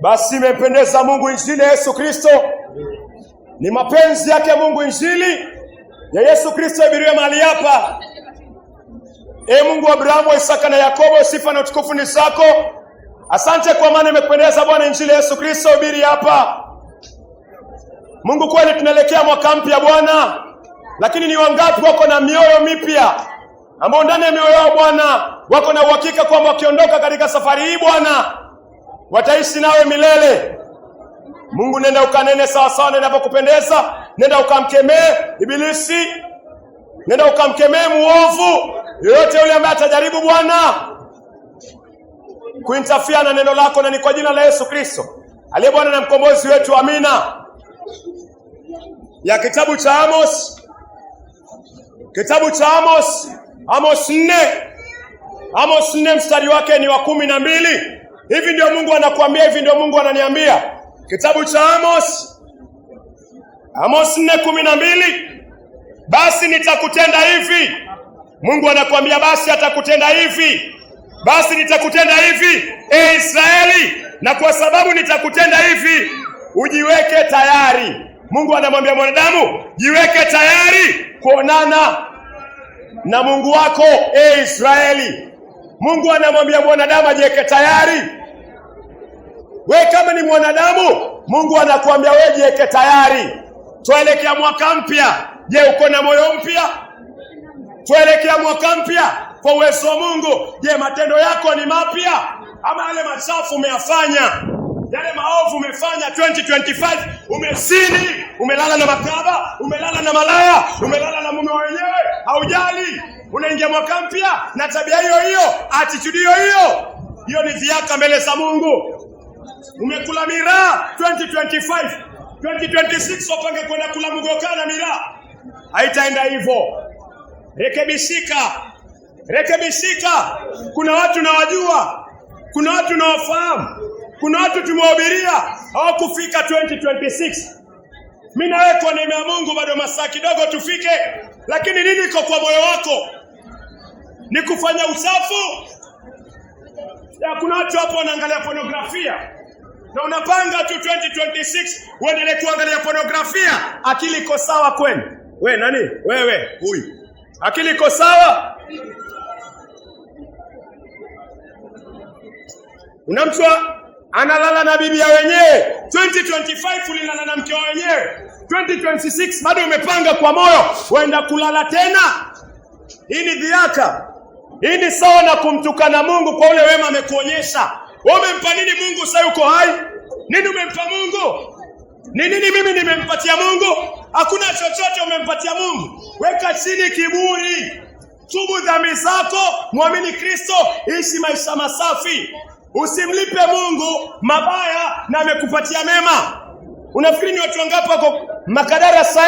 Basi imependeza Mungu injili ya Yesu Kristo, ni mapenzi yake Mungu injili ya Yesu Kristo ibiriwe mahali hapa. E Mungu wa Abrahamu, Isaka na Yakobo, sifa na utukufu ni zako. Asante kwa maana imependeza Bwana injili ya Yesu Kristo ibiri hapa. Mungu kweli, tunaelekea mwaka mpya Bwana, lakini ni wangapi wako na mioyo mipya ambao ndani ya mioyo yao Bwana wako na uhakika kwamba wakiondoka katika safari hii Bwana wataishi nawe milele. Mungu, nenda ukanene sawasawa, na inavyokupendeza. nenda ukamkemee Ibilisi, nenda ukamkemee muovu yoyote yule ambaye atajaribu Bwana kuintafia na neno lako, na ni kwa jina la Yesu Kristo aliye Bwana na mkombozi wetu, amina. Ya kitabu cha Amos, kitabu cha Amos, Amos nne, Amos nne mstari wake ni wa kumi na mbili. Hivi ndio Mungu anakuambia, hivi ndio Mungu ananiambia. Kitabu cha Amos, Amos nne kumi na mbili basi nitakutenda hivi. Mungu anakuambia basi atakutenda hivi, basi nitakutenda hivi, e Israeli, na kwa sababu nitakutenda hivi, ujiweke tayari. Mungu anamwambia mwanadamu, jiweke tayari kuonana na Mungu wako, e Israeli. Mungu anamwambia mwanadamu ajiweke tayari We kama ni mwanadamu, Mungu anakuambia we jiweke tayari, tuelekea mwaka mpya. Je, uko na moyo mpya? Tuelekea mwaka mpya kwa uwezo wa Mungu. Je, matendo yako ni mapya ama yale machafu umeyafanya, yale maovu umefanya 2025? Umesini, umelala na makaba, umelala na malaya, umelala na mume wenyewe, haujali. Unaingia mwaka mpya na tabia hiyo hiyo, attitude hiyo hiyo. Hiyo ni viaka mbele za Mungu. Umekula miraa 2025 2026, wapange kwenda kula na miraa. Haitaenda hivyo, rekebisika rekebisika Kuna watu nawajua, kuna watu nawafahamu, kuna watu tumewahubiria hawakufika 2026. Mimi na wewe kwa neema ya Mungu bado masaa kidogo tufike, lakini nini iko kwa moyo wako? Ni kufanya usafu ya? Kuna watu hapo wanaangalia pornografia na unapanga tu 2026 uendelee kuangalia pornografia, akili iko sawa kweli? We nani wewe huyu, akili iko sawa? Una analala na bibi ya wenyewe. 2025 ulilala na mke wa wenyewe, 2026 bado umepanga kwa moyo, uenda kulala tena. Hii ni dhiaka, hii ni sawa na kumtukana Mungu kwa ule wema amekuonyesha. Umempa nini Mungu sasa yuko hai? Nini umempa Mungu? Ni nini mimi nimempatia Mungu? Hakuna chochote umempatia Mungu. Weka chini kiburi. Tubu dhambi zako, mwamini Kristo, ishi maisha masafi. Usimlipe Mungu mabaya na amekupatia mema. Unafikiri ni watu wangapi wako Makadara sasa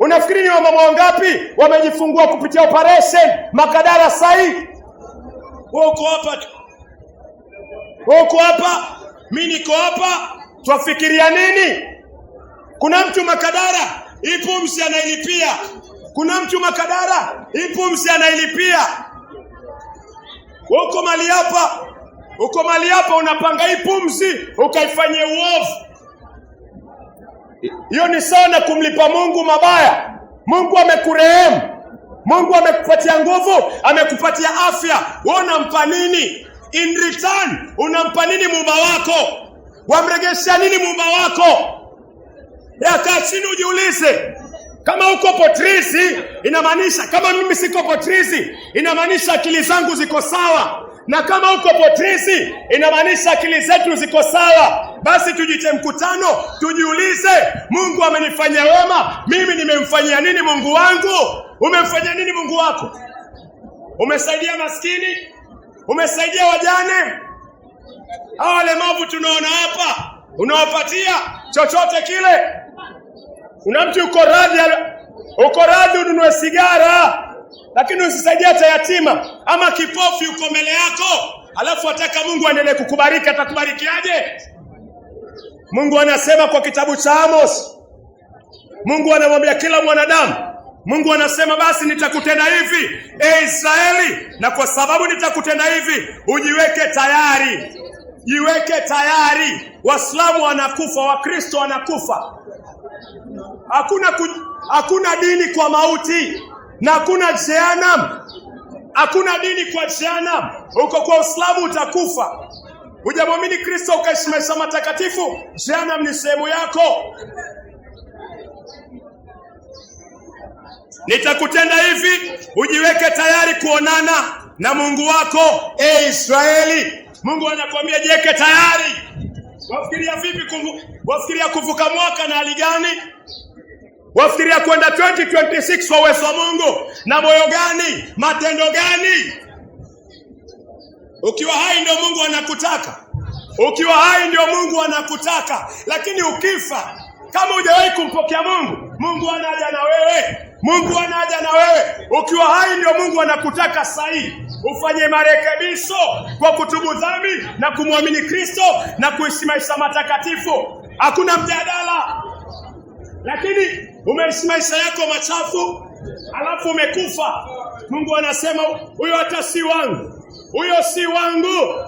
Unafikiri ni wamama wangapi wamejifungua kupitia operation Makadara sasa Wako hapa Uko hapa, mimi niko hapa, twafikiria nini? Kuna mtu Makadara hii anailipia. Kuna mtu Makadara ipumsi pumzi anailipia. Uko mali hapa, uko mali hapa, unapanga hii pumzi uovu. Hiyo ni sana kumlipa Mungu mabaya. Mungu amekurehemu, Mungu amekupatia nguvu, amekupatia afya, wewe unampa nini? in return unampa nini muumba wako? Wamregesha nini muumba wako? Kaa chini ujiulize. Kama uko potrisi, inamaanisha kama mimi siko potrisi, inamaanisha akili zangu ziko sawa, na kama uko potrisi, inamaanisha akili zetu ziko sawa. Basi tujite mkutano, tujiulize, Mungu amenifanyia wema, mimi nimemfanyia nini Mungu wangu? Umemfanyia nini Mungu wako? Umesaidia maskini Umesaidia wajane, hawa walemavu tunaona hapa, unawapatia chochote kile? Kuna mtu uko radhi, uko radhi ununue sigara, lakini usisaidia hata yatima ama kipofu uko mbele yako, alafu ataka Mungu aendelee kukubariki, atakubarikiaje? Mungu anasema kwa kitabu cha Amos, Mungu anamwambia kila mwanadamu Mungu anasema basi, nitakutenda hivi e Israeli, na kwa sababu nitakutenda hivi, ujiweke tayari, jiweke tayari. Waislamu wanakufa, Wakristo wanakufa. Hakuna ku, hakuna dini kwa mauti na hakuna jehanamu, hakuna dini kwa jehanamu. Uko kwa Uislamu utakufa, hujamwamini Kristo ukaishi maisha matakatifu, jehanamu ni sehemu yako. Nitakutenda hivi, ujiweke tayari kuonana na Mungu wako e Israeli. Mungu anakuambia jiweke tayari. Wafikiria vipi kuvu, wafikiria kuvuka mwaka na hali gani? Wafikiria kwenda 2026 kwa uwezo wa Mungu na moyo gani? Matendo gani? Ukiwa hai ndio Mungu anakutaka, ukiwa hai ndio Mungu anakutaka, lakini ukifa kama hujawahi kumpokea Mungu, Mungu anaja na wewe. Mungu anaja na wewe ukiwa hai, ndio Mungu anakutaka sahi ufanye marekebisho kwa kutubu dhambi na kumwamini Kristo na kuisimamisha matakatifu. Hakuna mjadala, lakini umeisimamisha yako machafu, alafu umekufa. Mungu anasema huyo hata si wangu, huyo si wangu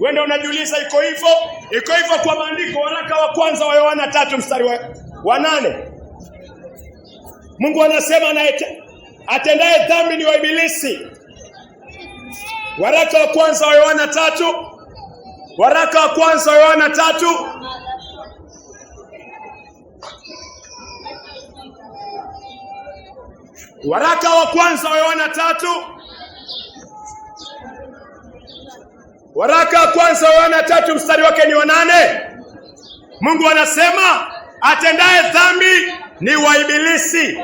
Wende unajuliza unajiuliza iko hivyo? Iko hivyo kwa maandiko, waraka wa kwanza wa Yohana tatu mstari wa, wa nane. Mungu anasema na atendaye dhambi ni wa ibilisi. Waraka wa kwanza wa Yohana tatu, waraka wa kwanza wa Yohana tatu waraka wa kwanza wa Yohana tatu Waraka kwanza wana tatu mstari wake ni wanane. Mungu anasema atendaye dhambi ni waibilisi,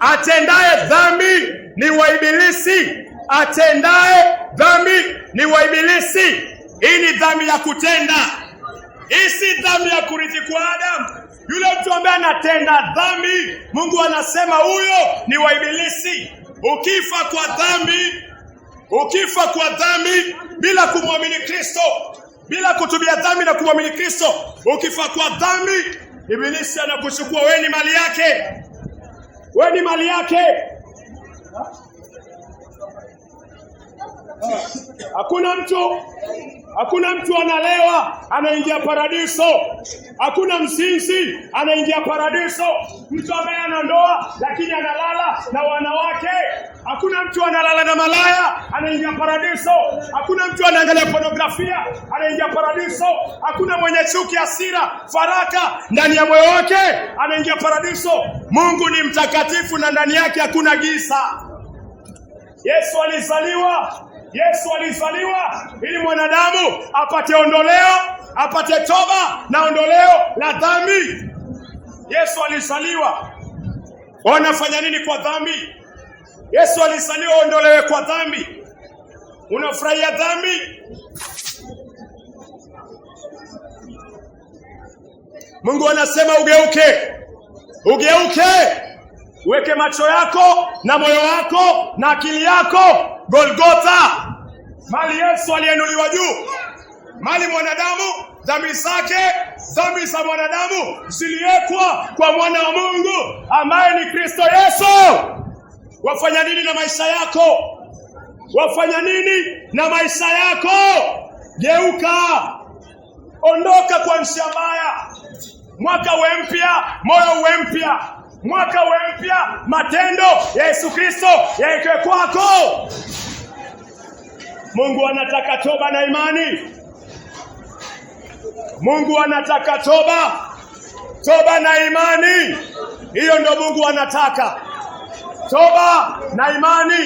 atendaye dhambi ni waibilisi, atendaye dhambi ni waibilisi. Hii ni dhambi ya kutenda, hii si dhambi ya kurithi kwa Adamu. Yule mtu ambaye anatenda dhambi, Mungu anasema huyo ni waibilisi. Ukifa kwa dhambi Ukifa kwa dhambi bila kumwamini Kristo, bila kutubia dhambi na kumwamini Kristo, ukifa kwa dhambi, Ibilisi anakuchukua wewe, ni mali yake, wewe ni mali yake. Hakuna mtu hakuna mtu analewa anaingia paradiso. Hakuna mzinzi anaingia paradiso. Mtu ambaye ana ndoa lakini analala na wanawake Hakuna mtu analala na malaya anaingia paradiso. Hakuna mtu anaangalia pornografia anaingia paradiso. Hakuna mwenye chuki, hasira, faraka ndani ya moyo wake anaingia paradiso. Mungu ni mtakatifu na ndani yake hakuna giza. Yesu alizaliwa Yesu alizaliwa ili mwanadamu apate ondoleo, apate toba na ondoleo la dhambi. Yesu alizaliwa. Wanafanya nini kwa dhambi? Yesu alisaliwa uondolewe kwa dhambi. Unafurahia dhambi? Mungu anasema ugeuke, ugeuke, uweke macho yako na moyo wako na akili yako Golgotha, mali Yesu alienuliwa juu, mali mwanadamu dhambi zake, dhambi za mwanadamu ziliwekwa kwa mwana wa Mungu ambaye ni Kristo Yesu. Wafanya nini na maisha yako? Wafanya nini na maisha yako? Geuka, ondoka kwa njia mbaya. Mwaka uwe mpya, moyo uwe mpya, mwaka uwe mpya, matendo ya Yesu Kristo yaitwe kwako. Mungu anataka toba na imani. Mungu anataka toba, toba na imani. Hiyo ndio Mungu anataka toba na imani.